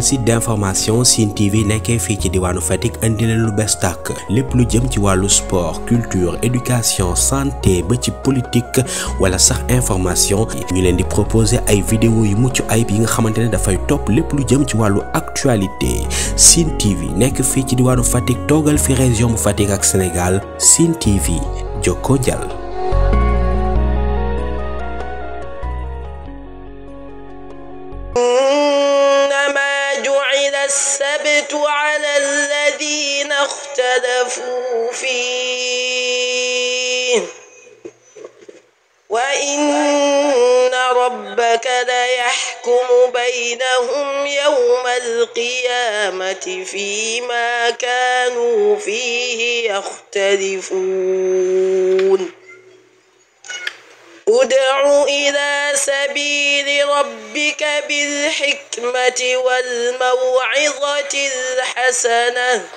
site d'information sin TV qu'un fichier ci diwanu Fatick andi leen lu bees tàkk plus lu jëm ci sport culture éducation santé ba ci politique wala sax information ñu leen di proposer ay vidéo yu muccu ay bi nga xamantene le top top plus lu jëm ci walu actualité sin TV nek fichier ci diwanu Fatick togal fi région bu ak Sénégal TV joko وإن ربك ليحكم بينهم يوم القيامة فيما كانوا فيه يختلفون ادع إلى سبيل ربك بالحكمة والموعظة الحسنة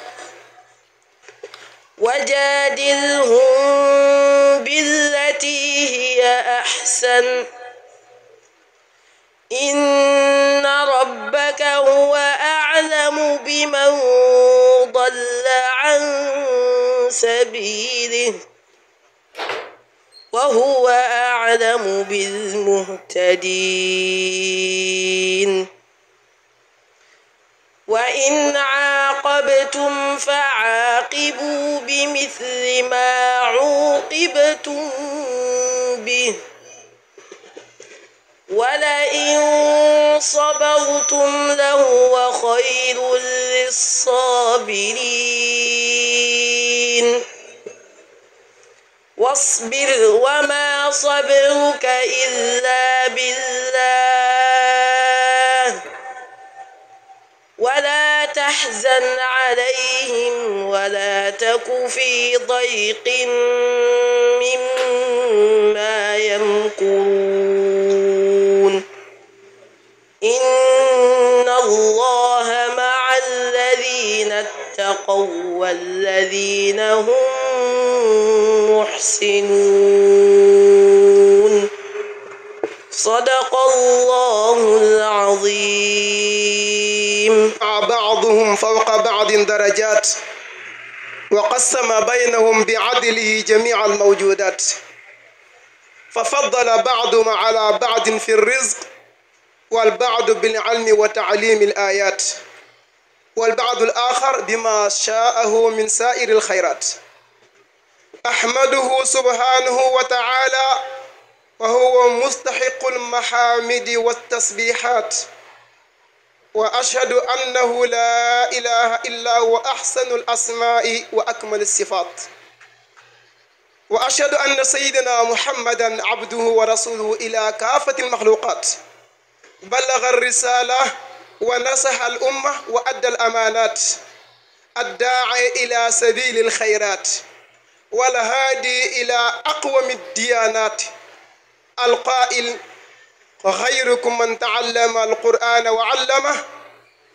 وجادلهم بالتي هي أحسن إن ربك هو أعلم بمن ضل عن سبيله وهو أعلم بالمهتدين وإن عاد عاقبتم فعاقبوا بمثل ما عوقبتم به ولئن صبرتم لهو خير للصابرين واصبر وما صبرك إلا بالله تحزن عليهم ولا تك في ضيق مما يمكرون إن الله مع الذين اتقوا والذين هم محسنون صدق الله العظيم بعضهم فوق بعض درجات وقسم بينهم بعدله جميع الموجودات ففضل بعضهم على بعض في الرزق والبعض بالعلم وتعليم الآيات والبعض الآخر بما شاءه من سائر الخيرات أحمده سبحانه وتعالى وهو مستحق المحامد والتسبيحات وأشهد أنه لا إله إلا هو أحسن الأسماء وأكمل الصفات وأشهد أن سيدنا محمدا عبده ورسوله إلى كافة المخلوقات بلغ الرسالة ونصح الأمة وأدى الأمانات الداعي إلى سبيل الخيرات والهادي إلى أقوم الديانات القائل غيركم من تعلم القرآن وعلمه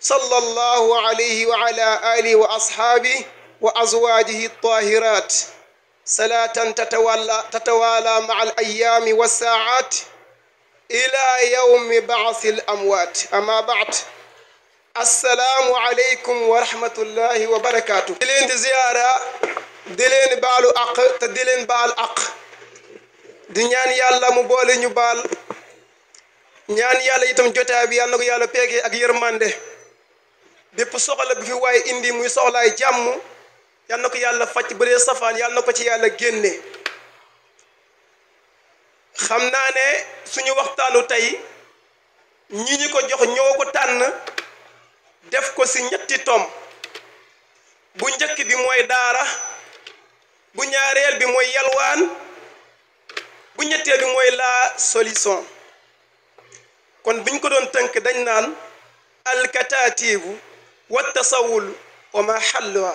صلى الله عليه وعلى آله وأصحابه وأزواجه الطاهرات صلاة تتوالى, تتوالى مع الأيام والساعات إلى يوم بعث الأموات أما بعد السلام عليكم ورحمة الله وبركاته دلين زيارة دلين بالو أق تدلين بال أق di ñaan yàlla mu boole ñu baal ñaan yàlla itam jotaay bi yàlla ko yàlla peege ak yërmande bépp soxla bi fi waay indi muy soxlaay jàmm yàlla ko yàlla facc ba dee safaan yàlla na ko ci yàlla génne xam naa ne suñu waxtaanu tey ñi ñi ko jox ñoo ko tànn def ko si ñetti tom bu njëkk bi mooy daara bu ñaareel bi mooy yalwaan bu ñettee bi mooy la solution kon bu ko doon tënk dañ naan alkataatibu wa tasawul wa ma xalluha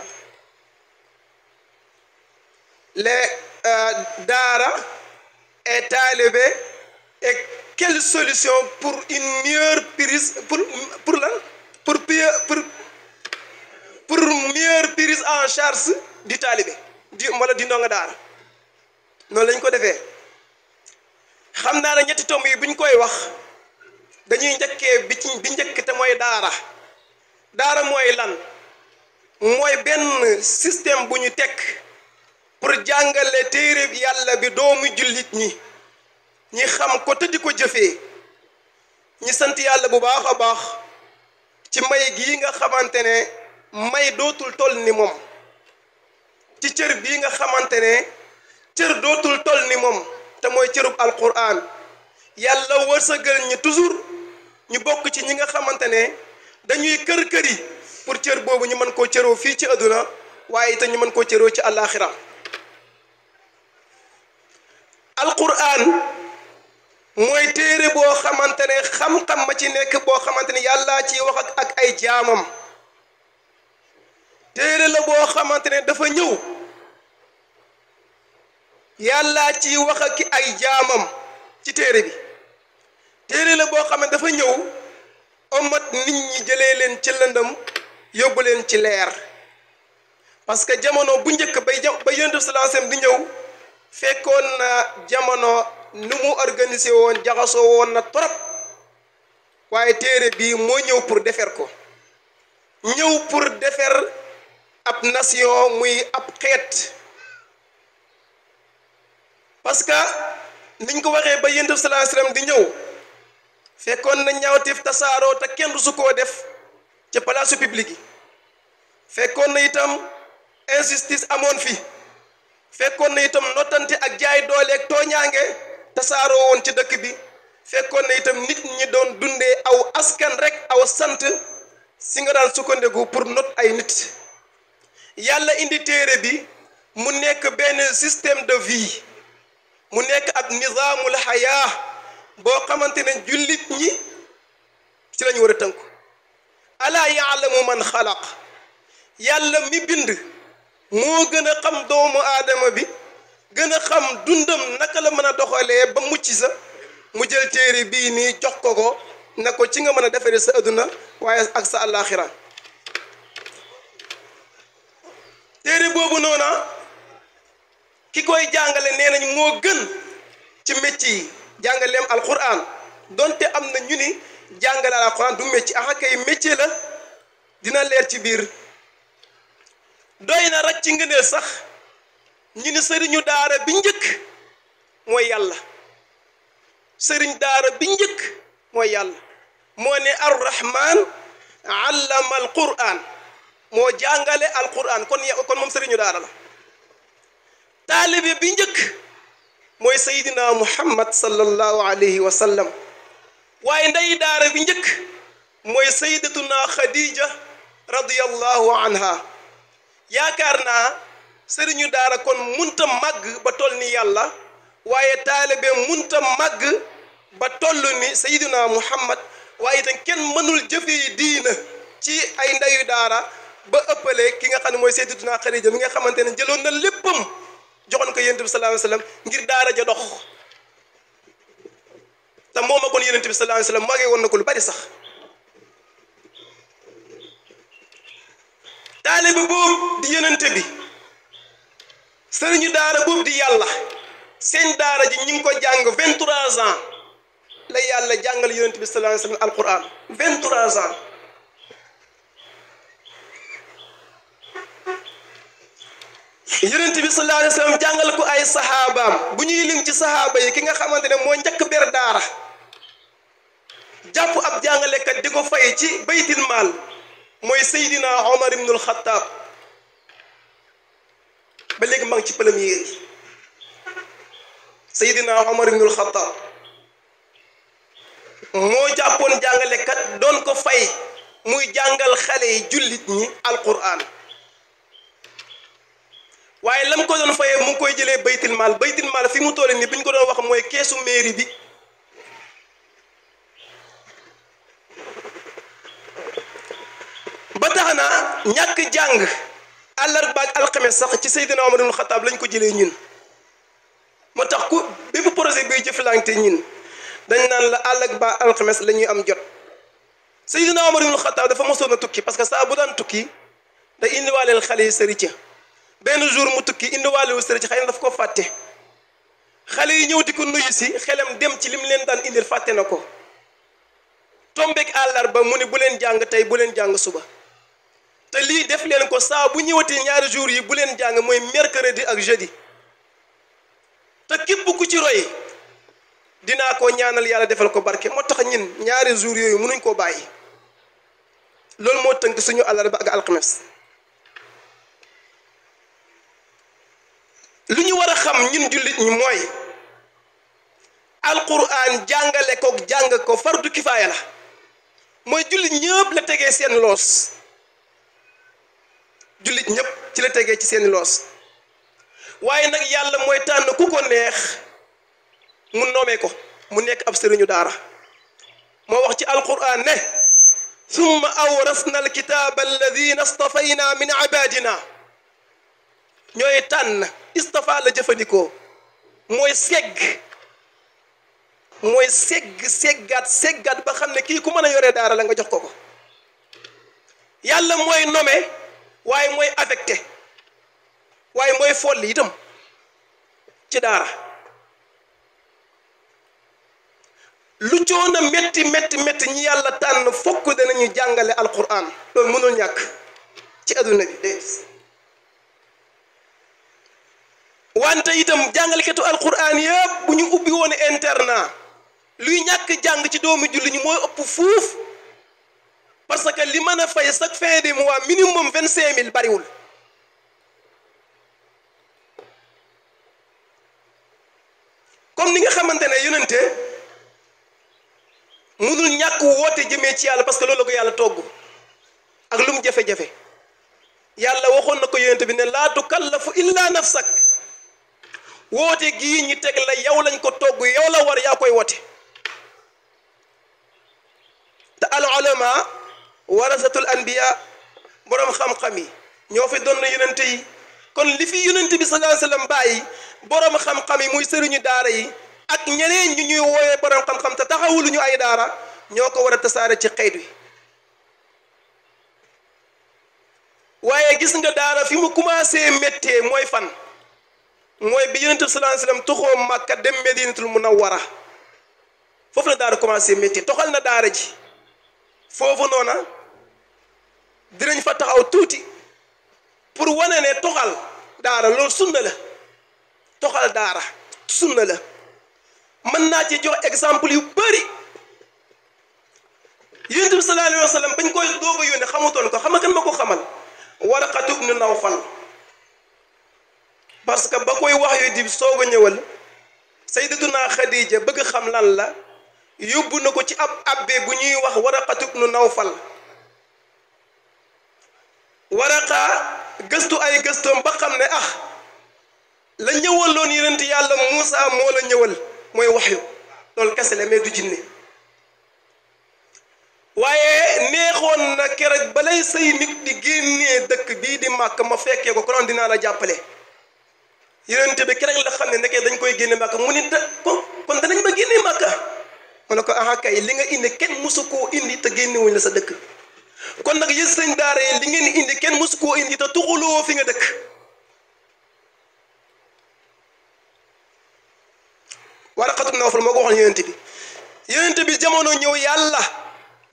le euh, daara et taalibe et quelle solution pour une meilleure prise pour pour lan pour pour pour meilleure prise en charge du taalibe di wala di ndongo daara noonu lañ ko defee xam naa ne ñetti tomb yi buñ koy wax dañuy njëkkee bi bi njëkk te mooy daara daara mooy lan mooy benn système bu ñu teg pour jàngale téere yàlla bi doomu jullit ñi ñi xam ko te di ko jëfee ñi sant yàlla bu baax a baax ci may gi nga xamante ne may dootul toll ni moom ci cër bii nga xamante ne cër dootul toll ni moom te mooy cërub alquran yàlla wërsëgal ñi toujours ñu bokk ci ñi nga xamante ne dañuy kër kër yi pour cër boobu ñu mën koo cëroo fii ci àdduna waaye itam ñu mën koo cëroo ci àllaaxira alquran mooy téere boo xamante ne xam-xam ma ci nekk boo xamante ne yàllaa ci wax ak ak ay jaamam téere la boo xamante ne dafa ñëw yàlla ci wax ak ay jaamam ci téere bi téere la boo xam ne dafa ñëw omat nit ñi jëlee leen ci lëndëm yóbbu leen ci leer parce que jamono bu njëkk bay jam ba yonent bi sallallahu ñëw fekkoon na jamono nu mu organisé woon jaxasoo woon na trop waaye téere bi mooy ñëw pour defar ko ñëw pour defar ab nation muy ab xeet parce que niñ ko waxee ba yonent bi sallallahu di ñëw fekkoon na ñaawteef tasaaroo te kenn su koo def ci palaasu public yi fekkoon na itam injustice amoon fi fekkoon na itam nottante ak jaay dooleeg tooñaange tasaaroo woon ci dëkk bi fekkoon na itam nit ñi doon dundee aw askan rek aw sant si nga daan sukkandiku pour not ay nit yàlla indi téere bi mu nekk benn système de vie mu nek ab nizamul haya bo xamantene julit ñi ci lañu wara tanku ala ya'lamu man khalaq yàlla mi bind mo gëna xam doomu aadama bi gëna xam dundam naka la mëna doxale ba mucc sa mu jël téré bi ni jox ko ko nako ci nga mëna défé sa aduna waye ak sa àllaaxira téré bobu nona ki koy jàngale nee nañ moo gën ci métier yi jàngaleem alquran donte am na ñu ni jàngale alquran du métier ah kay métier la dina leer ci biir doy na rek ci ngëneel sax ñu ni sëriñu daara bi njëkk mooy yàlla sëriñ daara bi njëkk mooy yàlla moo ne arrahman allama alquran moo jàngale alquran kon kon moom sëriñu daara la taalibe bi njëkk mooy sayidina muhammad sallallahu alayhi wa sallam waaye ndey daara bi njëkk mooy sayidatuna khadija radiyallahu anha yaakaar naa sëriñu daara kon munta màgg ba toll ni yàlla waaye taalibe munta màgg ba toll ni sayidina muhammad waaye itam kenn mënul jëfee diina ci ay ndeyu daara ba ëppale ki nga xam ne mooy sayyidatuna Xadija mi nga xamante ne jëloon na léppam joxoon ko yonent bi sallallahu alayhi wa sallam ngir daara ja dox te moo ma kon yonent bi sallallahu alayhi wa sallam magee woon na ko lu bari sax taalibe boobu di yonente bi sëriñu daara boobu di yàlla seen daara ji ñu ngi ko jàng vingt-trois ans la yàlla jàngal yonent bi sallallahu alayhi wa sallam alquran vingt-trois ans yonent bi sallallahu alayhi wa sallam ko ay saxaabaam bu ñuy lim ci saxaaba yi ki nga xamante ne moo njëkk ber daara jàpp ab jàngalekat di ko fay ci baytil maal mooy Seydina Omar ibnul Xattaab ba léegi maa ci premier yi Seydina Omar ibnul Xattaab moo jàppoon jàngalekat doon ko fay muy jàngal xale yi jullit ñi Alquraan waye lam ko don faye mu koy jele baytil mal baytil mal fi mu tole ni bi ko doon wax moy kessu mairie bi ba tax ñak ñàkk jàng àllarba ak alxames sax ci sayyidina Omar ibn Xataab lañ ko jele ñun motax ku bi bu projet bi biy jëflante ñun dañ nan la alak ba alxames la ñuy am jot sayyidina Omar ibn Xataab dafa mësona tukki parce que sa bu dan tukki da indi walel yi sëri benn jour mu tukki indiwaale wu sere ci xëy na daf ko fàtte xale yi ñëw di ko nuyu si xelam dem ci lim leen daan indil fàtte na ko tombeeg àllarba mu ne bu leen jàng tey bu leen jàng suba te lii def leen ko saa bu ñëwatee ñaari jour yi bu leen jàng mooy mercredi ak jeudi te képp ku ci roy dina ko ñaanal yàlla defal ko barke moo tax ñin ñaari jour yooyu mënuñ koo bàyyi loolu moo tënk suñu àllarba ak alxames lu ñu war a xam ñun jullit ñi mooy alquran jàngale ko jàng ko fardu kifaaya la mooy jullit ñëpp la tegee seen loos jullit ñëpp ci la tegee ci seen loos waaye nag yàlla mooy tànn ku ko neex mu noomee ko mu nekk ab sëriñu daara moo wax ci alquran ne summa awrasna alkitaaba alladina stafayna min ibadina ñooy tànn istafa la jëfandikoo mooy segg mooy segg seggaat seggaat ba xam ne kii ku mën a yore daara la nga jox ko ko yàlla mooy nommé waaye mooy affecté waaye mooy folli itam ci daara lu coon a métti métti métti ñi yàlla tànn fokk danañu jàngale alquran loolu mënul ñàkk ci àdduna bi wante itam jàngalekatu alquran yëpp bu ñu ubbi woon internat luy ñàkk jàng ci doomu julli ñi mooy ëpp fuuf parce que li mën a fay chaque fin de mois minimum vingt cinq mille bariwul comme ni nga xamante ne yonente mënul ñàkk woote jëmee ci yàlla parce que loolu ko yàlla togg ak lu mu jafe-jafe yàlla waxoon na ko yonente bi ne laa tukallafu illa nafsak woote gii ñi teg la yow lañ ko togg yow la war yaa koy woote te al ulama warasatul anbiya boroom xam-xam yi ñoo fi doon yonente yi kon li fi yonente bi sallallahu alayhi wasallam bàyyi boroom xam-xam yi muy sëriñu daara yi ak ñeneen ñu ñuy wooyee boroom xam-xam te taxawulu ñu ay daara ñoo ko war a tasaare ci xeet wi waaye gis nga daara fi mu commencé méttee mooy fan moy bi yunus sallallahu alayhi wasallam sallam Màkka dem Medinatul Munawwara fofu la daara commencé métti tokhal na daara ji fofu nona dinañ fa taxaw touti pour wane ne toxal daara lo sunna la tokhal daara sunna la man na ci jox exemple yu bëri yunus sallallahu alayhi wasallam sallam bañ koy doog yone yónnee ko xamakan mako xamal warqatu ibn nawfal parce que ba koy wax yu di soog a ñëwal sayyidatuna Xadija bëgg xam lan la yóbbu na ko ci ab abbe bu ñuy wax waraqatu ibnu nawfal waraqa gëstu ay gëstoom ba xam ne ah la ñëwaloon yonent yàlla Muusa moo la ñëwal mooy wax waxyu loolu kese la mais du jinne waaye neexoon na keroog balay sëy nit di génnee dëkk bii di màkk ma fekkee ko konoon dinaa la jàppale yonent bi keroog la xam ne nekkee dañ koy génne màkka mu ni da kon kon danañ ma génne màkka mu ne ko aha li nga indi kenn mosu koo indi te génnewuñ la sa dëkk kon nag yéen sëñ daara yi li ngeen indi kenn mosu koo indi te tuxuloo fi nga dëkk waraqatu nawfal moo ko waxoon yonent bi jamono ñëw yàlla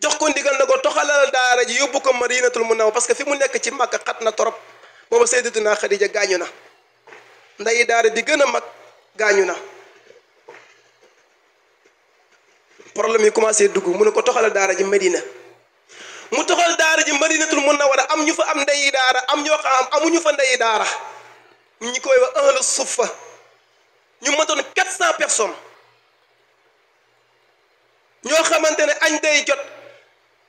jox ko ndigal na ko toxalal daara ji yóbbu ko madinatul munawwara parce que fi mu nekk ci màkk xat na torop booba sayyidatuna Xadija gaañu na nday daara di gën a mag gaañu na problème yi commencé dugg mu ne ko toxal daara ji Medina mu toxal daara ji Madinatul a am ñu fa am ndeyi daara am ñoo xam amuñu fa ndeyi daara ñi koy wax ahlu suffa ñu matoon quatre cent personnes ñoo xamante ne añ day jot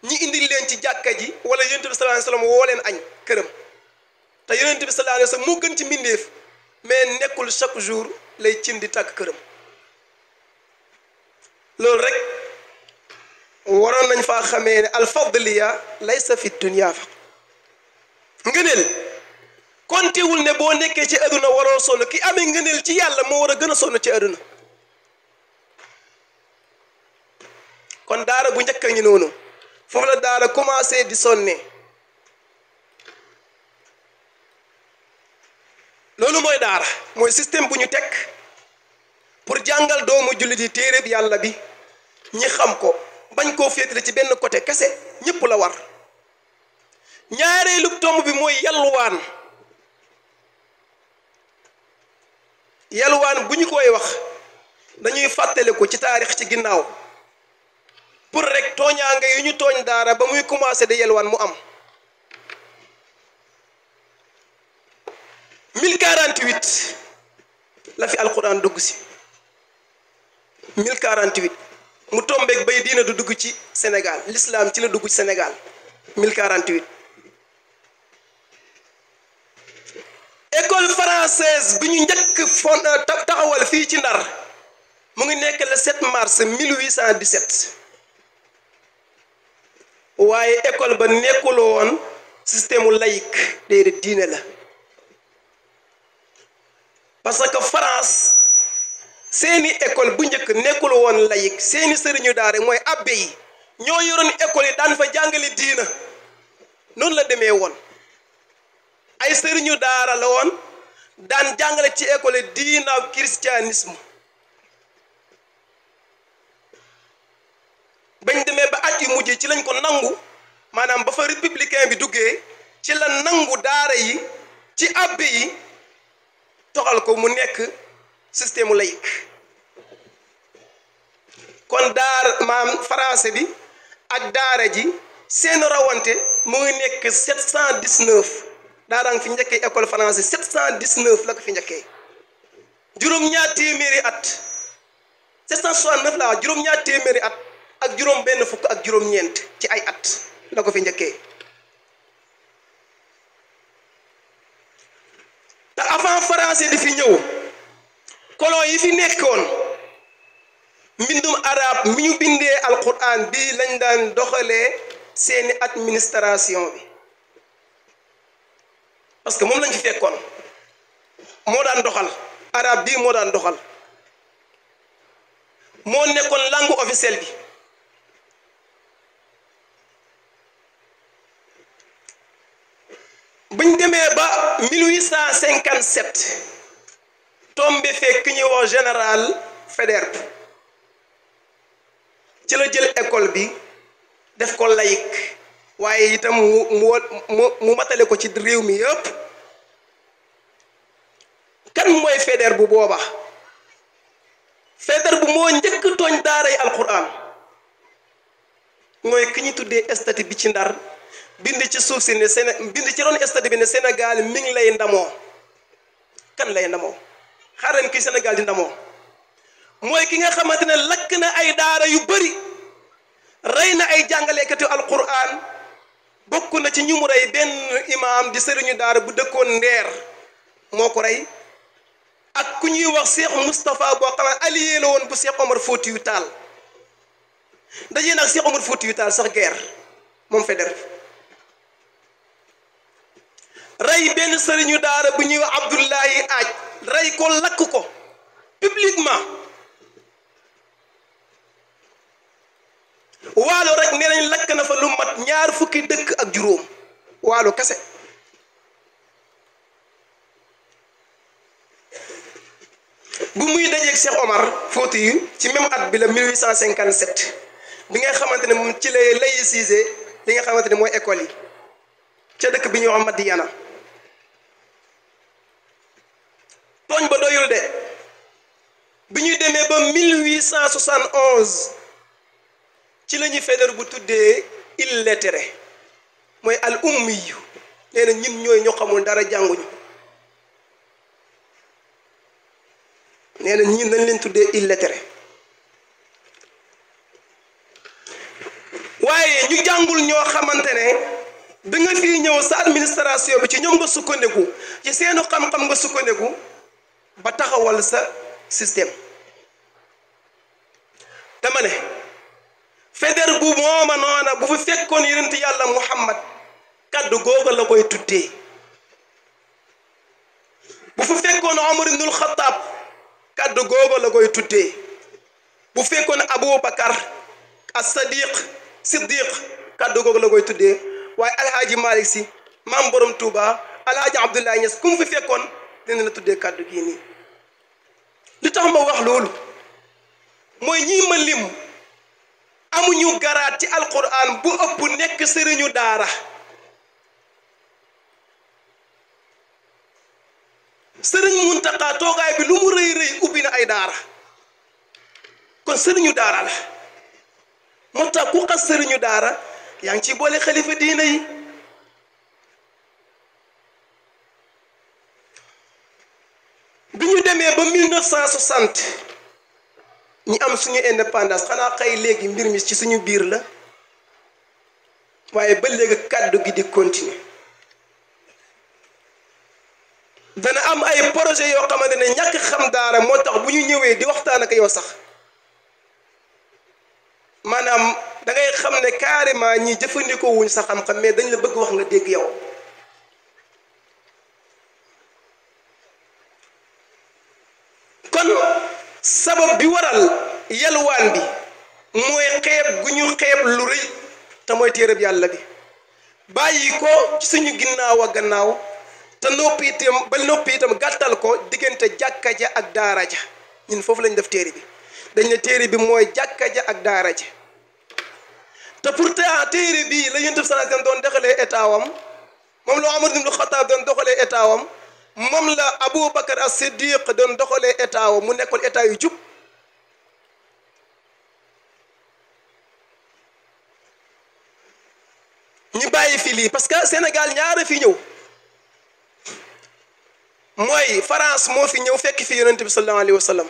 ñi indil leen ci jàkka ji wala yonent bi sallallahu alayhi woo leen añ këram te yonent bi sallallahu alayhi wasallam moo gën ci mbindeef mais nekkul chaque jour lay cin di tàkk këram loolu rek waroon nañ faa xamee ne alfadliya laysa fi dunya fa ngëneel kontewul ne boo nekkee ci àdduna waroo sonn ki amee ngëneel ci yàlla moo war a gën a sonn ci àdduna kon daara bu njëkk a ngi noonu foofu la daara commencé di sonne loolu mooy daara mooy système bu ñu teg pour jàngal doomu jullit yi téereb yàlla bi ñi xam ko bañ koo féetale ci benn côté kese ñëpp la war ñaareelu tomb bi mooy yalwaan yalwaan bu ñu koy wax dañuy fàttaliku ci taarix ci ginnaaw pour rek tooñaange yu ñu tooñ daara ba muy commencé day yalwaan mu am 1048 la fi alquran dugg si 1048 mu tombeeg bay diina du dugg ci Sénégal lislaam ci la dugg ci Sénégal 1048 école française bi ñu njëkk fon euh, taxawal fii ci Ndar mu ngi nekk le 7 mars 1817 waaye école ba nekkul woon système laïque déedéet diine la parce que France seeni école bu njëkk nekkul woon layik seeni sëriñu daara mooy abbé yi ñoo yoroon école yi daan fa jàngale diina noonu la demee woon ay sëriñu daara la woon daan jàngale ci école yi diinaaw christianisme bañ demee ba at yu mujj ci lañ ko nangu maanaam ba fa républicain bi duggee ci la nangu daara yi ci abbé yi toxal ko mu nekk système mu laïque kon daara maam français bi ak daara ji seen rawante mu ngi nekk 719 daara nga fi njëkkee école français 719 la ko fi njëkkee juróom-ñaar téeméeri at 769 la wax juróom-ñaar téeméeri at ak juróom benn fukk ak juróom-ñeent ci ay at la ko fi njëkkee. te avant français di fi ñëw colon yi fi nekkoon mbindum arab mi ñu bindee alquran bi lañ daan doxalee seeni administration bi parce que moom lañ fi fekkoon moo daan doxal arab bii moo daan doxal moo nekkoon langue officielle bi buñ demee ba 1857 tombé fekk ñuy woo général Faidherbe ci la jël école bi def ko laïque waaye itam mu mu mu ko ci réew mi yëpp kan mooy Faidherbe bu booba Faidherbe bu moo njëkk tooñ daaray alquran mooy ki ñu tuddee estati bi ci ndar bind ci suuf si ne Séné bind ci ron stade bi ne Sénégal mi ngi lay ndamoo kan lay ndamoo xaaral kii Sénégal di ndamoo mooy ki nga xamante ne lakk na ay daara yu bari rey na ay jàngalekatu alquran bokk na ci ñu mu rey benn imaam di sëriñu daara bu dëkkoon ndeer moo ko rey ak ku ñuy wax Cheikh Moustapha boo xam ne la woon bu Cheikh Omar Foutiyou taal dajee nag Cheikh Omar Foutiyou Tall sax guerre moom Faidherbe rey benn sëriñu daara bu ñuy wax Abdullahi aaj rey ko lakk ko publiquement waalo rek nee nañ lakk na fa lu mat ñaar fukki dëkk ak juróom waalo kase bu muy dajeeg Cheikh Omar Fouti yu ci même at bi la 1857 bi ngay xamante ne moom ci lay laïcisé li nga xamante ne mooy école yi ca dëkk bi ñuy wax Madiana tooñ ba doyul de bi ñuy demee ba mille 1871 ci lañuy ñuy bu tuddee illettré mooy al ummi yu nee na ñun ñooy ñu xamul dara jànguñu nee na ñun dañ leen tuddee illettré waaye ñu jàngul ñoo xamante ne bi nga fii ñëw sa administration bi ci ñoom nga sukkandeku ci seenu xam-xam nga sukkandiku ba taxawal sa système dama ne feder bu moma nona bu fi fekkoon yàlla muhammad kaddu gogo la koy tuddé bu fi umar ibn al-khattab kaddu gogo la koy tuddé bu abou aboubacar as sadiq siddiq kaddu gogo la koy way al haji malik si mam borom touba al abdoulaye abdullah ku kum fi fekkoon dina la tuddee kàddu gii nii li tax ma wax loolu mooy ñii ma lim amuñu garaat ci alquran bu ëpp nekk sëriñu daara sëriñ Muntaqa toogaay bi lu mu rëy rëy ubbi na ay daara kon sëriñu daara la moo tax ku xas sëriñu daara yaa ngi ci boole xalifa diina yi ñu demee ba 1960 ñu am suñu indépendance xanaa xëy léegi mbir mi ci suñu biir la waaye ba léegi kàddu gi di continue dana am ay projet yoo xamante ne ñàkk xam daara moo tax bu ñu ñëwee di waxtaan ak yow sax maanaam dangay xam ne carrément ñi jëfandikoo wuñ sa xam-xam mais dañ la bëgg wax nga dégg yow. sabab bi waral yalwaan bi mooy xeeb gu ñu xeeb lu rëy te mooy bi yàlla bi bàyyi ko ci suñu ginnaaw a gannaaw te noppi itam ba noppi itam gàttal ko diggante jàkka ja ak daara ja ñun foofu lañ def téere bi dañ ne téere bi mooy jàkka ja ak daara ja te pour te téere bii la yonent bi sallallahu alayhi wa doon doxalee état wam moom la Omar ibn Khattab doon doxalee état moom la Aboubacar as Siddiq doon doxalee état wa mu nekkoon état yu jub ñu bàyyi fi lii parce que Sénégal ñaara fi ñëw mooy faranse moo fi ñëw fekk fi yonent bi sallallahu alayhi wa sallam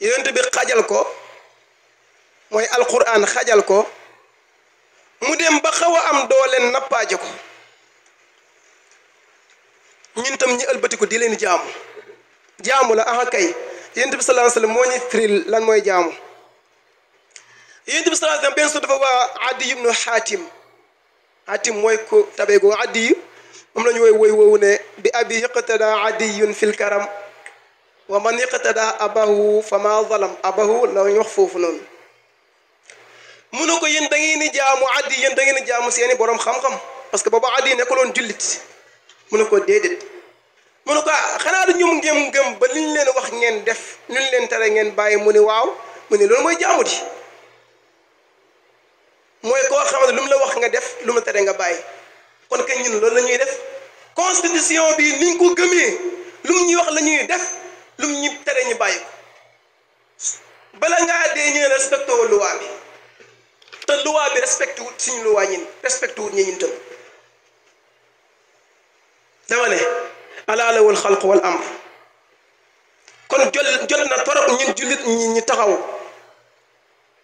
bi xajal ko mooy alquran xajal ko mu dem ba xaw a am doole nappaaje ko ñun tam ñu albatiku di leen jaamu jaamu la ah kay yonent bi sallallahu moo ñu firil lan mooy jaamu yonent bi sallallahu alayhi wasallam benn su dafa waa Addi ibnu Xaatim Xaatim mooy ku tabee gu Addi moom la ñu ne bi abi yaqtada Addiyun fil karam wa man yaqtada abahu fa ma zalam abahu la ñu wax foofu noonu munu ko yéen da ngeen ni jaamu Addi yéen da ngeen ni jaamu seeni borom xam-xam parce que booba Addi nekkuloon jullit. mu ne ko déedéet mu ne ko ah, xanaa du ñoom ngeen gëm ba li ñu leen wax ngeen def lu ñu leen tere ngeen bàyyi mu ne waaw mu ne loolu mooy jaamu ji mooy koo xam ne lu mu la wax nga def lu mu la nga bàyyi kon kañ ñun loolu la ñuy def constitution bi niñ ko gëmee lu ñuy wax la def lu mu ñu tere ñu bàyyi ko bala ngaa dee ñu respecté wu loi bi te loi bi respecté wut suñu loi ñin respecté wut ñi ñun tam dama ne alaa lahul xalqu wal amr kon jot jot na torop ñun jullit ñi ñu taxaw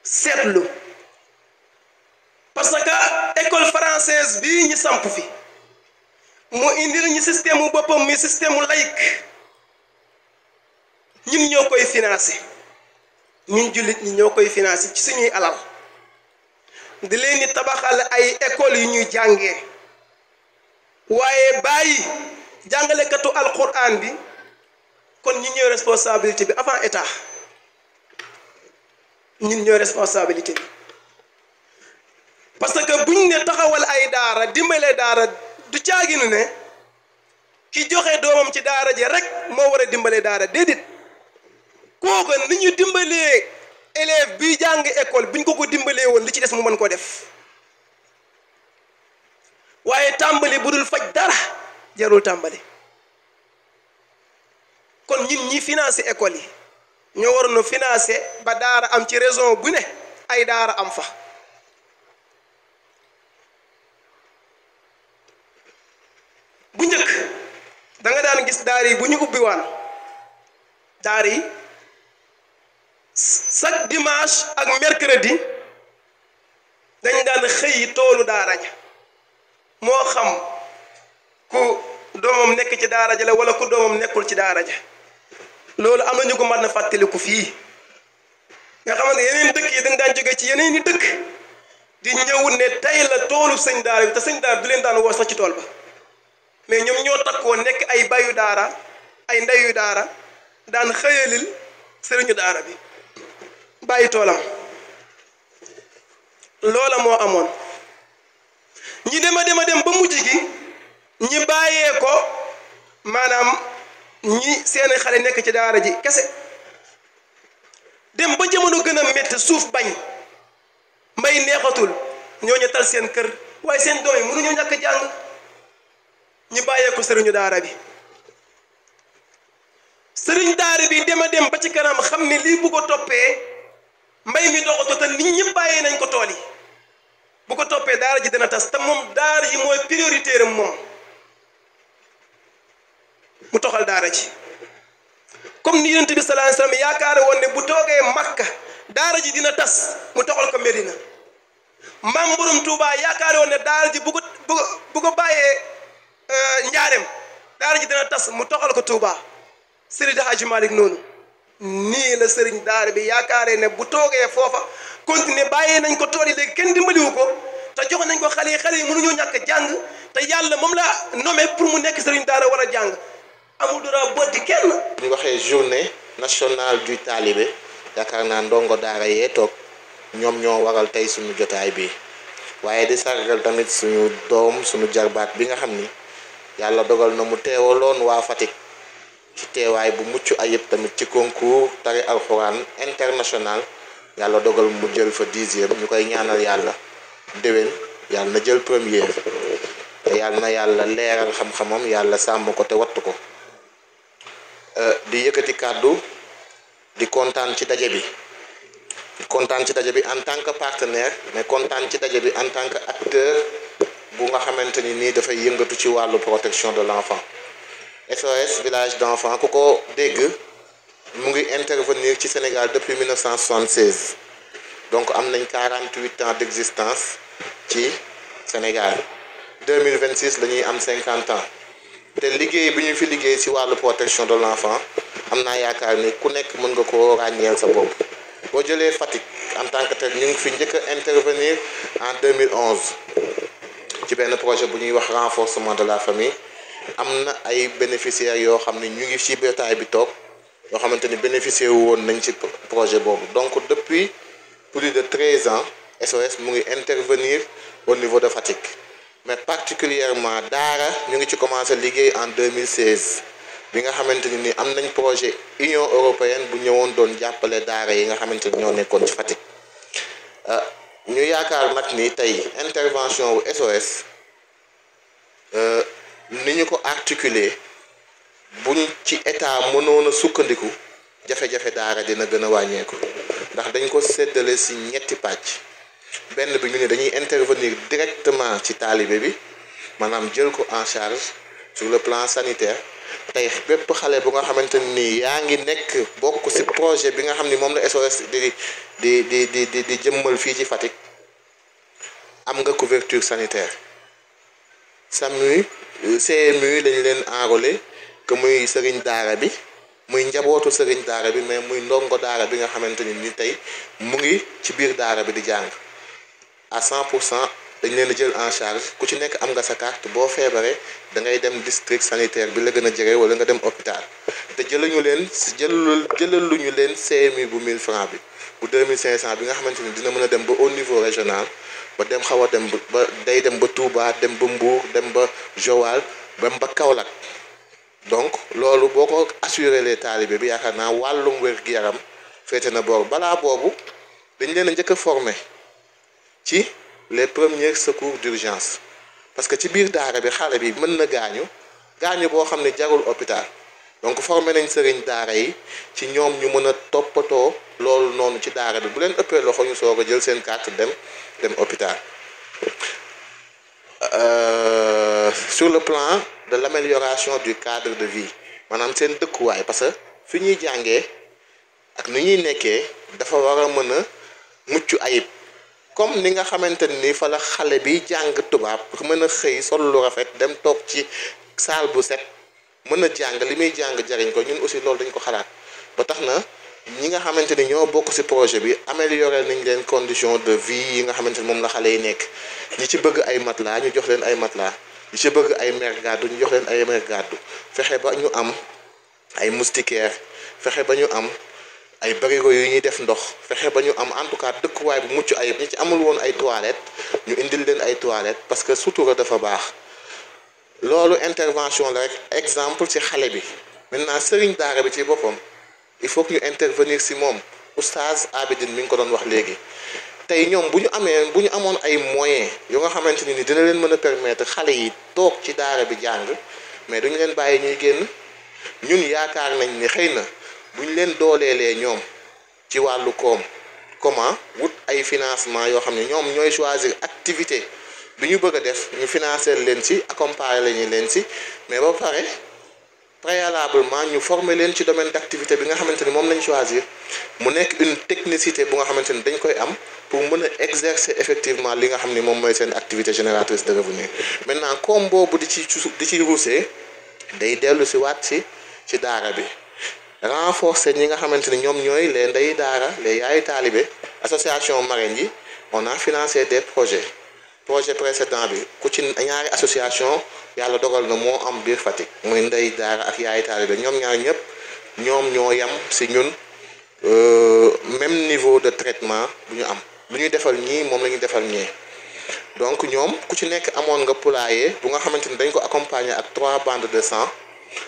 seetlu parce que école française bii ñu samp fi mu indil ñu système mu boppam mi système mu laïque ñun ñoo koy financé ñun jullit ñi ñoo koy financé ci suñuy alal di leen di tabaxal ay écoles yu ñuy jàngee waaye bàyyi jàngalekatu alquran bi kon ñi ñooy responsabilité bi avant état ñun ñooy responsabilité bi parce que buñ ne taxawal ay daara dimbale daara du caaginu ne ki joxe doomam ci daara ji rek moo war a dimbale daara déedéet kooku ni ñu dimbalee élève bi jàng école buñ ko ko dimbalee woon li ci des mu mën koo def waaye tàmbali bu dul faj dara jarul tàmbali kon ñun ñi financé école yi ñoo waroon a financé ba daara am ci raison bu ne ay daara am fa bu njëkk danga nga daan gis daar yi bu ñu ubbi daar yi chaque dimanche ak mercredi dañ daan xëyi toolu daara ja moo xam ku doomam nekk ci daara ja la wala ku doomam nekkul ci daara ja loolu am na ñu ko mën fàttaliku fii nga xam ne yeneen dëkk yi dañ daan jóge ci yeneen i dëkk di ñëwul ne tey la toolu sëñ daara bi te sëñ daara du leen daan woo sax ci tool ba mais ñoom ñoo takkoo nekk ay bayu daara ay ndeyu daara daan xëyalil sëriñu daara bi bàyyi toolam loola moo amoon ñi dema dema dem ba mujj gi ñi bàyyee ko maanaam ñi seen xale nekk ci daara ji kese dem ba jamono gën a métti suuf bañ mbay neexatul ñooñu tal seen kër waaye seen doom yi mënuñu ñàkk jàng ñi bàyyee ko sëriñu daara bi sëriñ daara bi dem a dem ba ci kanam xam ne lii bu ko toppee mbay mi doxatu te nit ñi bàyyee nañ ko tool yi bu ko toppee daara ji dana tas te moom daara ji mooy priorité am moom mu toxal daara ji comme ni yonent bi sallallahu alayhi yaakaare woon ne bu toogee Makka daara ji dina tas mu toxal ko Medina maam borom Touba yaakaare woon ne daara ji bu ko bu ko bàyyee euh, Njaareem daara ji dina tas mu toxal ko Touba Seydi Hadji Malick noonu. nii la sëriñ daara bi yaakaaree ne bu toogee foofa continuer bàyyee nañ ko tool yi léegi kenn dimbaliwu ko te joxe nañ ko xale yi xale yi mënuñoo ñàkk jàng te yàlla moom laa nommé pour mu nekk sëriñ daara war a jàng amul dara boddi kenn. ñu waxee journée nationale du talibé yaakaar naa ndongo daara yee toog ñoom ñoo waral tey suñu jotaay bi waaye di sargal tamit suñu doom suñu jarbaat bi nga xam ni yàlla dogal na mu teewaloon waa Fatick. ci teewaay bu mucc ayib tamit ci concours tari alxuraan international yàlla dogal mu jël fa dixième ñu koy ñaanal yàlla déwén yàlla na jël première te yàlla na yàlla leeral xam-xamam yàlla sàmm ko te wattu ko euh, di yëkkati kàddu di kontaan ci daje bi di kontaan ci daje bi en tant que partenaire mais kontaan ci daje bi en tant que acteur bu nga xamante ni nii dafay yëngatu ci wàllu protection de l'enfant SOS village d'Enfants, Coco ku ko dégg intervenir ci Sénégal depuis 1976 donc am nañ 48 ans d'existence au ci Sénégal 2026 la a 50 ans Té liggéey bi ñu fi liggéey ci walu protection de l'enfant, amna am yaakaar ni ku nekk mën nga koo ràññeel sa bop bo jëlé Fatick en tant que tel ñu ngi fi intervenir en 2011 ci benn projet bu ñuy wax renforcement de la famille amna ay bénéficiaires yo xamné ñu ngi ci bétail bi tok yo xamanteni bénéficier wu woon nañ ci projet bobu donc depuis plus de 13 ans SOS mu ngi intervenir au niveau de Fatick mais particulièrement dara ñu ngi ci commencer liggéey en 2016 bi nga xamanteni ni am nañ projet Union européenne bu ñëwoon doon jappalé dara yi nga xamanteni ni ñoo nekkoon ci Fatick euh, ñu yaakaar nag ni tay intervention wu SOS ni ñu ko articuler buñ ci état mënoon a sukkandiku jafe-jafe daara dina gën a wàññeeku ndax dañ ko séddale si ñetti pàcc benn bi ñu ne dañuy intervenir directement ci taalibe bi maanaam jël ko en charge sur le plan sanitaire tey bépp xale bu nga xamante ni yaa ngi nekk bokk si projet bi nga xam ni moom la SOS di di di di di jëmmal fii ci Fatick am nga couverture sanitaire SAMU CMU lañu leen enrôler que muy sëriñ daara bi muy njabootu sëriñ daara bi mais muy ndongo daara bi nga xamante ni ni tey mu ngi ci biir daara bi di jàng à cent pour cent dañ leen a jël en charge ku ci nekk am nga sa carte boo feebaree da ngay dem district sanitaire bi la gën a jege wala nga dem hôpital te jëlañu leen jëlal jëlaluñu leen CMU bu mille francs bi bu 2500 bi nga xamante ni dina mën a dem ba au niveau régional ba dem xawa dem ba day dem ba Touba dem ba Mbour dem ba Joal ba ba Kaolack donc lolu boko assurer les talibé bi yakarna walum wàllum gi yaram fété na boor bala bobu dañ leena a njëkk formé ci les premiers secours d'urgence parce que ci biir daara bi xale bi mën na gañu gaañu boo xam ne hôpital donc formé nañ sëriñ daara yi ci ñoom ñu mëna topato lolu nonu ci daara bi bu leen ëppee loxo ñu soga jël seen carte dem dem hôpital euh, sur le plan de l'amélioration du cadre de vie maanaam seen dëkkuwaay parce que fiñuy ñuy ak nu ñuy nekkee dafa wara mëna muccu ayib comme ni nga xamante ni fa la xalé bi jàng tubaab mën a xëy sol lu rafet dem tok ci salle bu set mëna jàng li jàng jariñ ko ñun aussi loolu dañ ko xalaat ba tax na. ñi nga xamanteni ni ñoo bokk ci projet bi améliorer nañ leen condition de vie yi nga xamanteni ni moom la xale yi nekk ñi ci bëgg ay matla ñu jox leen ay matla ñi ci bëgg ay mer gàddu ñu jox leen ay mer gàddu fexe ba ñu am ay moustiquaire fexe ba ñu am ay barigo yu ñuy def ndox fexe ba ñu am en tout cas dëkkuwaay bu mucc ayib ñi ci amul woon ay toilette ñu indil leen ay toilette parce que sutura dafa baax loolu intervention la rek exemple ci xale bi maintenant sëriñ daara bi ci boppam. il faut que ñu intervenir si moom oustaz Abidine mi ngi ko doon wax léegi tey ñoom bu ñu amee bu ñu amoon ay moyen yu nga xamante ni dina leen mën a permettre xale yi toog ci daara bi jàng mais duñu leen bàyyi ñuy génn ñun yaakaar nañ ni xëy na bu ñu leen dooleelee ñoom ci wàllu koom comment wut ay financement yoo xam ne ñoom ñooy choisir activité bi ñu bëgg a def ñu financer leen ci accompagner lañu leen ci mais ba pare. préalablement ñu former leen ci domaine d'activité bi nga xamante ni moom choisir mu nekk une technicité bu nga xamante ni dañ koy am pour mën exercer effectivement li nga xam ni moom mooy activité génératrice de revenus. maintenant le combo di ci di ci ruusee day dellu si waat si ci daara bi renforcer ñi nga xamante ni ñoom les ndey daara les associations taalibe association marine yi on a financé des projets projet précédent bi ku ci ñaari association yàlla dogal na moo am biir Fatick muy ndey daara ak yaay taalibe ñoom ñaar ñëpp ñoom ñoo yam si ñun euh, même niveau de traitement bu ñu am lu ñuy defal ñii moom la ñuy defal ñee donc ñoom ku ci nekk amoon nga poulailler bu nga xamante ni dañ ko accompagner ak trois bandes de sang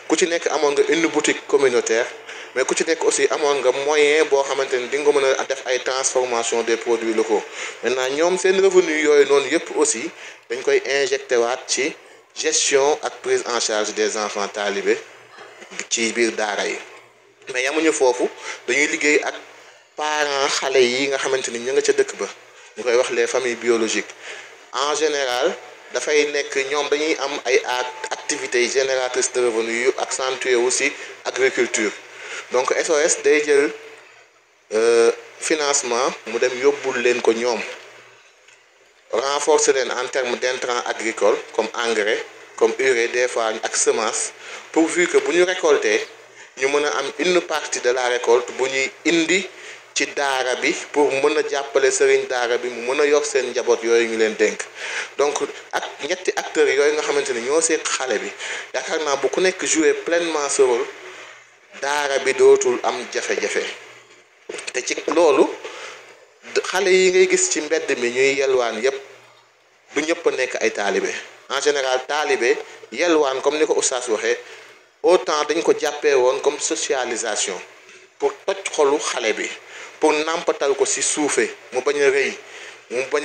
ku ci nekk amoon nga une boutique communautaire mais ku ci nekk aussi amoon nga moyen boo xamante ni di nga mën a def ay transformation des produits locaux maintenant ñoom seen revenu yooyu noonu yëpp aussi dañ koy injecté waat ci. gestion et prise en charge des enfants talibés ci vivent daara yi mais il y dañuy liggéey ak parents xale yi nga qui ni les enfants, ca dëkk ba koy les familles biologiques en général fay nekk ñom dañuy am ay activités génératrices de revenus yu accentué aussi agriculture donc SOS day jël euh, financement mu dem yobul leen ko ñom renforcer en termes d'intrants agricoles comme engrais comme urée des fois ak semences, pourvu que pour nous récolter nous avons une partie de la récolte pour nous indi ci daara bi pour nous jappalé sëriñ daara bi mu mën a yor seen donc yooyu ñu leen denk donc ak ñetti acteurs yoy nga xamanteni ñoo seq xalé bi yaakaar naa bu ku nekk jouer pleinement ce rôle daara bi dootul am jafé jafé te ci loolu. xale yi ngay gis ci mbedd mi ñuy yelwaan yépp du ñëpp a nekk ay taalibe en général taalibe yelwaan comme ni ko oustaz waxee autant dañ ko jàppee woon comme socialisation pour toj xolu xale bi pour nàmpatal ko ci suufe mu bañ a rëy mu bañ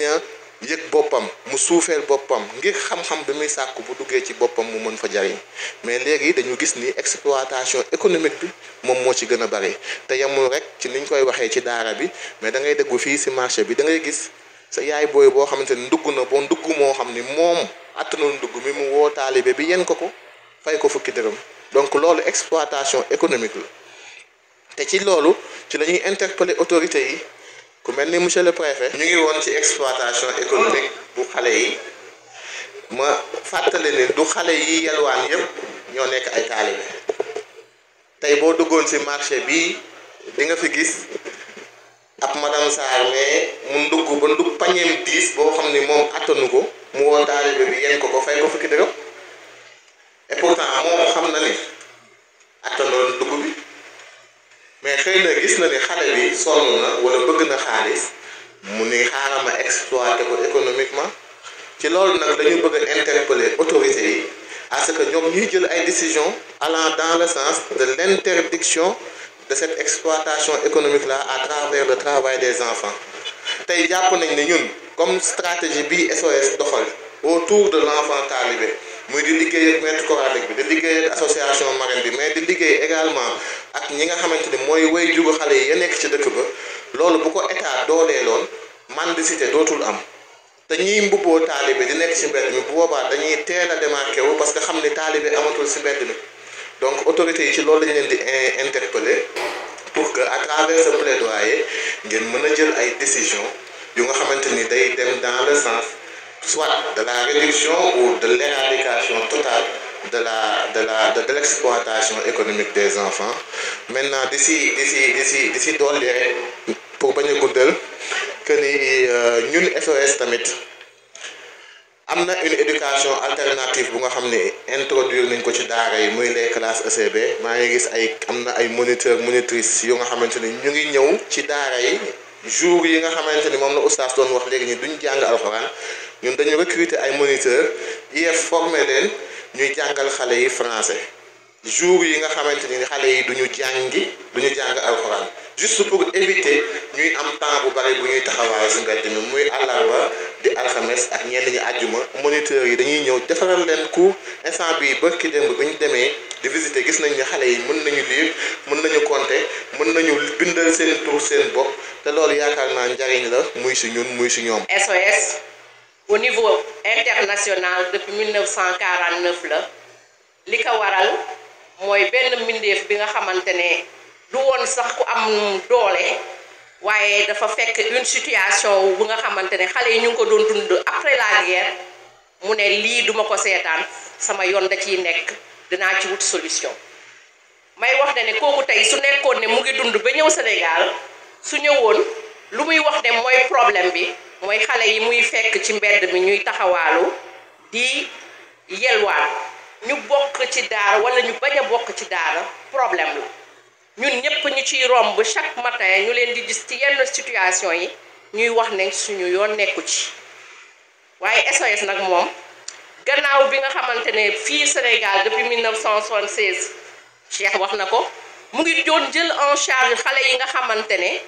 yëg boppam mu suufeel boppam ngir xam-xam bi muy sàkku bu duggee ci boppam mu mën fa jariñ mais léegi dañu gis ni exploitation économique bi moom moo ci gën a bari te yemul rek ci niñ koy waxee ci daara bi mais da ngay déggu fii si marché bi dangay gis sa yaay booy boo xamante ni dugg na boo dugg moo xam ni moom attanul dugg mi mu woo taalibe bi yen ko ko fay ko fukki dërëm donc loolu exploitation économique la te ci loolu ci la ñuy interpeller autorités yi ku mel ni monsieur le préfet. ñu ngi woon ci exploitation économique bu xale yi ma fàttale ne du xale yi yelwaan yëpp ñoo nekk ay taalibe tey boo duggoon ci marché bi di nga fi gis ab madame Sarr mais mu ndugg ba ndugg pañeem diis boo xam ni moom attanu ko mu woo taalibe bi yenn ko ko fay ko fukki dërëm et pourtant moom xam na ni. Si na gis na ni xale bi sonn wala bëgg économiquement ci loolu nag dañu bëgg interpeller autorité à ce que ñoom ñuy jël ay décisions allant dans le sens de l'interdiction de cette exploitation économique là à travers le travail des enfants tey jàpp nañ ne ñun comme stratégie bi SOS doxal autour de l'enfant enfant talibé muy di liggéey ak maître coranique bi di liggéey ak association marine bi mais di liggéey également ak ñi nga xamante ni mooy way jugu xale yi ya nekk ci dëkk ba loolu bu ko état dooleeloon mendicité dootul am te ñiy mbubboo taalibe di nekk ci mbedd mi bu boobaa dañuy teel a démarqué wu parce que xam ni taalibe amatul ci mbedd mi donc autorité yi ci loolu lañ leen di interpeller pour que à travers ce plaidoyer ngeen mën a jël ay décisions yu nga xamante ni day dem dans le sens. soit de la réduction ou de l'éradication totale de la de la de, l'exploitation économique des enfants maintenant d'ici d'ici d'ici d'ici dolli pour bañ que ni euh, ñun FES tamit amna une éducation alternative bu nga xamné introduire nañ ko ci daara yi muy les classes ECB ma ngi gis ay amna ay moniteur monitrice yo nga xamante ni ñu ngi ñëw ci daara yi jour yi nga xamante mom la oustaz doon wax légui ni duñ jang alcorane ñun dañu recruter ay moniteurs IEF formé leen ñuy jàngal xale yi français jour yi nga xamante ni xale yi duñu jàngi duñu jàng alxuraan juste pour éviter ñuy am temps bu bari bu ñuy taxawaay si mbedd mi muy di alxames ak ñenn ñi àjjuma moniteurs yi dañuy ñëw defaral leen cours instant bii ba ki démb bi ñu demee di visiter gis nañ ne xale yi mën nañu lire mën nañu compter mën nañu bindal seen tur seen bopp te loolu yaakaar naa njariñ la muy si ñun muy si ñoom. SOS. au niveau international depuis 1949 la li ko waral mooy benn mbindeef bi nga xamante ne du woon sax ku am doole waaye dafa fekk une situation bu nga xamante ne xale yi ñu ngi ko doon dund après la guerre mu ne lii duma ko seetaan sama yoon da ciy nekk dinaa ci wut solution may wax ne kooku tey su nekkoon ne mu ngi dund ba ñëw Sénégal su ñëwoon lu muy wax ne mooy problème bi mooy xale yi muy fekk ci mbedd mi ñuy taxawaalu di yelwaan ñu bokk ci daara wala ñu bañ a bokk ci daara problème la ñun ñëpp ñu ciy romb chaque matin ñu leen di gis ci yenn situation yi ñuy wax ne suñu yoon nekku ci waaye SOS nag moom gannaaw bi nga xamante ne fii Sénégal depuis 1976 Cheikh wax na ko mu ngi doon jël en charge xale yi nga xamante ne.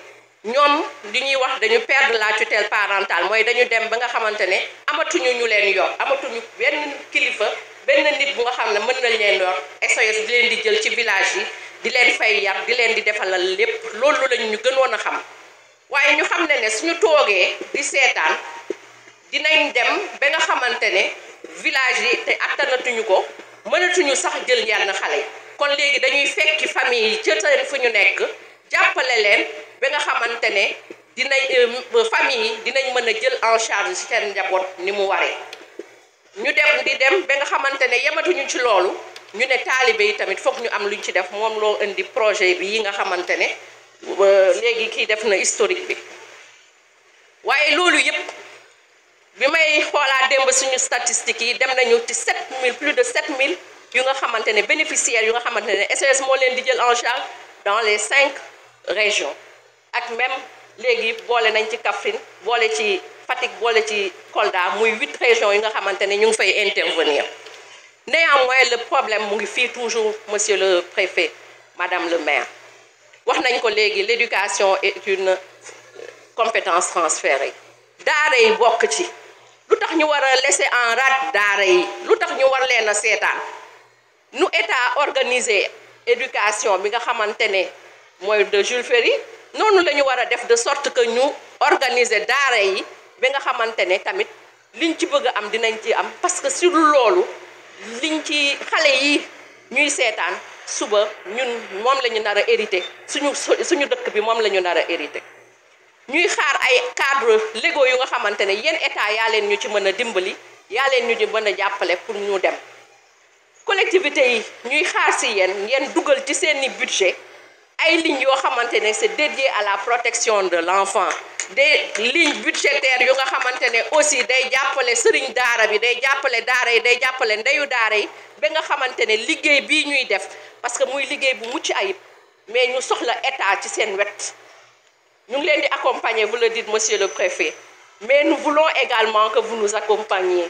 ñoom li ñuy wax dañu perdre la tutelle parentale mooy dañu dem ba nga xamante ne amatuñu ñu leen yor amatuñu benn kilifa benn nit bu nga xam ne mën nañ leen yor SOS di leen di jël ci village yi di leen fay yar di leen di defalal lépp loolu lañ ñu gënoon a xam waaye ñu xam ne ne suñu toogee di seetaan dinañ dem ba nga xamante ne village yi te attanatuñu ko mënatuñu sax jël yenn xale yi kon léegi dañuy fekki famille yi ca fu ñu nekk. jàppale leen ba nga xamante ne dinañ euh, famille yi dinañ mën a jël en charge seen njaboot ni mu waree ñu dem di dem ba nga xamante ne yematuñu ci loolu ñu ne taalibe yi tamit foog ñu am luñ ci def moom loo indi projet bi yi nga xamante ne euh, léegi kii def na historique bi waaye loolu yëpp bi may xoolaa démb suñu statistiques yi dem nañu ci 7000 plus de mille yu nga xamante ne bénéficiaires yu nga xamante ne SOS moo leen di jël en charge dans les cinq région ak même léegi boole nañ ci Kaffrine fatigue, ci Fatick boole ci Kolda huit régions yi nga xamante ñu ngi fay intervenir néanmoins le problème mu ngi toujours monsieur le préfet madame le maire wax nañ ko l'éducation est une euh, compétence transférée daara yi bokk ci ñu wara laisser en rade daara yi lu ñu war leen a nu état organisé éducation bi nga xamantene mooy de Jules Ferry noonu la ñu war a def de sorte que ñu organiser daara yi bi nga xamante ne tamit liñ ci bëgg a am dinañ ci am parce que sur loolu liñ ci xale yi ñuy seetaan suba ñun moom la ñu nar a hérité suñu suñu dëkk bi moom la ñu nar a hérité ñuy xaar ay cadre légaux yu nga xamante ne yéen état yaa leen ñu ci mën a dimbali yaa leen ñu ci mën a jàppale pour ñu dem collectivité yi ñuy xaar si yéen ngeen dugal ci seeni budget ay ligne yoo xamante ne c'est dédié à la protection de l'enfant des lignes budgétaires yu nga xamante ne aussi day jàppale sëriñ daara bi day jàppale daara yi day jàppale ndeyu daara yi ba nga xamante ne liggéey bii ñuy def parce que muy liggéey bu mucc ayib mais ñu soxla état ci seen wet ñu ngi leen di accompagner vous le dites monsieur le préfet mais nous voulons également que vous nous accompagniez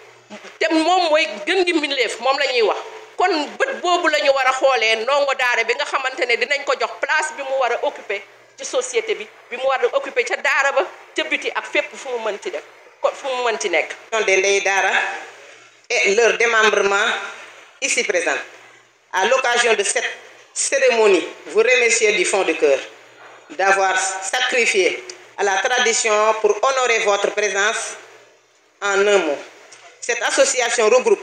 té mom moy gën gi mbindeef moom la wax kon bët bobu lañu wara xolé nongo daara bi nga xamante dinañ ko jox place bi mu wara occuper ci société bi bi mu war occuper ci daara ba ci biti ak fépp fu mu mën ci def ko fu mu mën ci nek nekk. des lay daara et leur démembrement ici présent à l'occasion de cette cérémonie vous remercier du fond du cœur d'avoir sacrifié à la tradition pour honorer votre présence en un mot cette association regroupe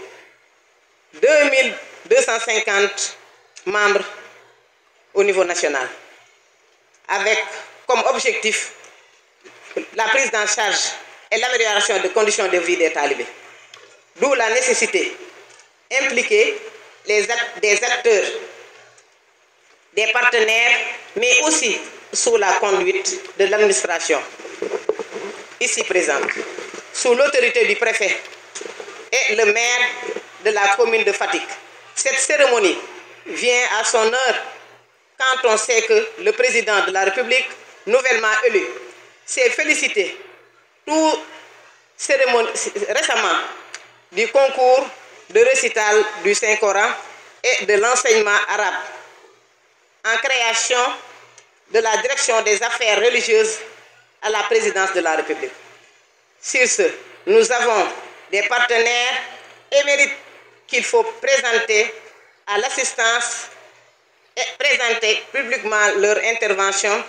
2250 membres au niveau national, avec comme objectif la prise en charge et l'amélioration des conditions de vie des talibés. D'où la nécessité d'impliquer les des acteurs, des partenaires, mais aussi sous la conduite de l'administration ici présente, sous l'autorité du préfet et le maire de la commune de Fatik. Cette cérémonie vient à son heure quand on sait que le président de la République, nouvellement élu, s'est félicité tout cérémonie, récemment du concours de récital du Saint-Coran et de l'enseignement arabe en création de la direction des affaires religieuses à la présidence de la République. Sur ce, nous avons des partenaires émérites qu'il faut présenter à l'assistance et présenter publiquement leur intervention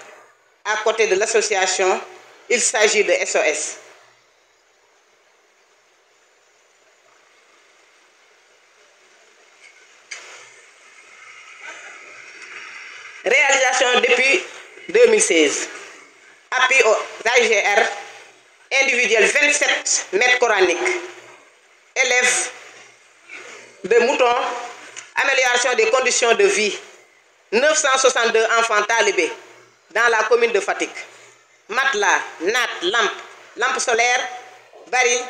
à côté de l'association. Il s'agit de SOS. Réalisation depuis 2016. Appui aux IGR individuel 27 mètres coraniques, élèves de moutons, amélioration des conditions de vie, 962 enfants talibés dans la commune de Fatik, matelas, nattes, lampes, lampes solaires, barils,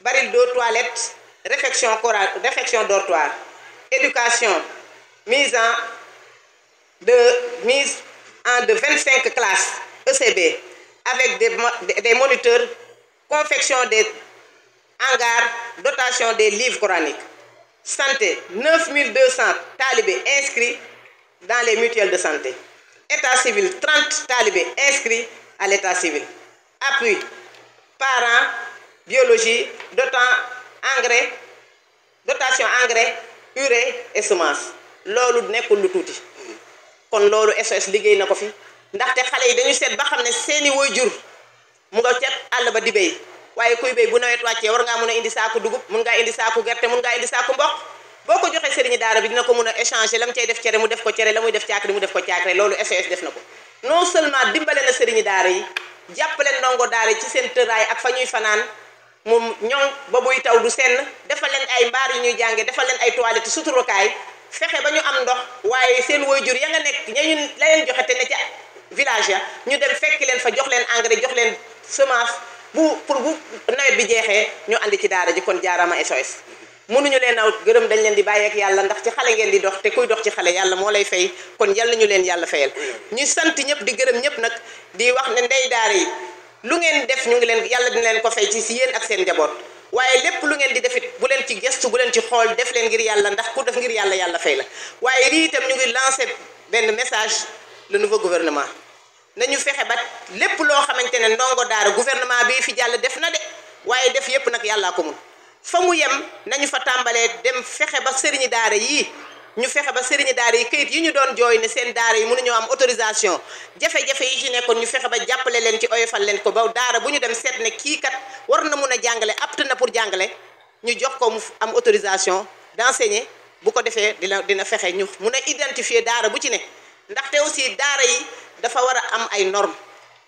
baril d'eau, toilettes, réfection, réfection dortoir, éducation, mise en, de, mise en de 25 classes ECB avec des, des moniteurs confection des hangars, dotation des livres coraniques. Santé, 9200 talibés inscrits dans les mutuelles de santé. État civil, 30 talibés inscrits à l'état civil. Appui, parents, biologie, dotant engrais, dotation engrais, urée et semences. loolu nekkul lu tuuti kon SOS na fi yi dañu ba mu nga cet àll ba di béy waaye kuy béy bu nawet wàccee war ngaa mun a indi saako dugub mun ngaa indi saako gerte mun ngaa indi saako mboq boo ko joxee sëriñu daara bi dina ko mun a échangé la mu cay def cere mu def ko cere la muy def caakri mu def ko caakri loolu SOS def na ko non seulement dimbale na sëriñu daara yi jàppale ndongo daara ci seen tëraay ak fa ñuy fanaan mu ñoŋ ba buy taw du senn defal leen ay mbaar yu ñuy jàngee defal leen ay toilette suturukaay fexe ba ñu am ndox waaye seen waajur ya nga nekk ña ñu la joxe te ca village ñu dem fekk leen fa jox leen engrais jox leen semence bu pour bu nawet bi jeexee ñu andi ci daara ji kon jaarama SOS mënuñu leen aw gërëm dañ leen di bàyyeek yàlla ndax ci xale ngeen di dox te kuy dox ci xale yàlla moo lay fay kon yàlla ñu leen yàlla fayal ñu sant ñëpp di gërëm ñëpp nag di wax ne ndey daara yi lu ngeen def ñu ngi leen yàlla dina leen ko fay ci si yéen ak seen njaboot waaye lépp lu ngeen di defit bu leen ci gestu bu leen ci xool def leen ngir yàlla ndax ku def ngir yàlla yàlla fay la waaye lii itam ñu ngi lancé benn message le nouveau gouvernement xamante ne ndongo daara gouvernement bi fi jàll def na de waaye def yépp nag yàllaa ko mun fa mu yem nañu fa tàmbalee dem fexe ba sëriñi daara yi ñu fexe ba sëriñi daara yi kayit yi ñu doon jooy ne seen daara yi mënuñoo am autorisation jafe-jafe yi ci nekkoon ñu fexe ba jàppale leen ci oyofal leen ko ba daara bu ñu dem seet ne kii kat war na mun a jàngale apt na pour jàngale ñu jox ko mu am autorisation d'enseigner bu ko defee dina dina fexe ñu mun a identifier daara bu ci ne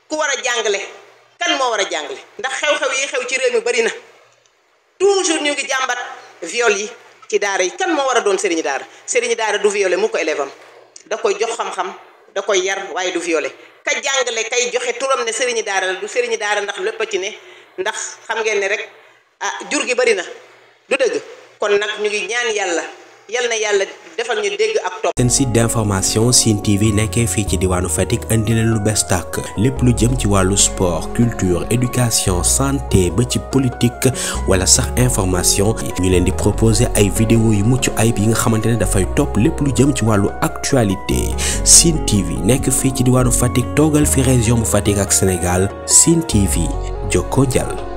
ku war a jàngale kan moo war a jàngale ndax xew-xew yi xew ci réew mi bari na toujours ñu ngi jàmbat viol yi ci daara yi kan moo war a doon sëriñu daara sëriñu daara du violé ko élève da koy jox xam da koy yar waaye du violé ka jàngale kay joxe turam ne sëriñu daara du sëriñu daara ndax lépp a ci ne ndax xam ngeen ne rek ah jur gi bari na du dëgg kon nag ñu ngi ñaan yàlla yal na yàlla defal ñu dégg ak topp. seen site d'information Sine TV nekkee fi ci diwanu Fatick andi leen lu bees tak lépp lu jëm ci walu sport culture éducation santé ba ci politique wala sax information ñu leen di proposer ay vidéo yu muccu ay bi nga xamante da fay top lépp lu jëm ci walu actualité Sine TV nekk fi ci diwanu Fatick togal fi région bu Fatick ak Sénégal Sine TV joko jàll.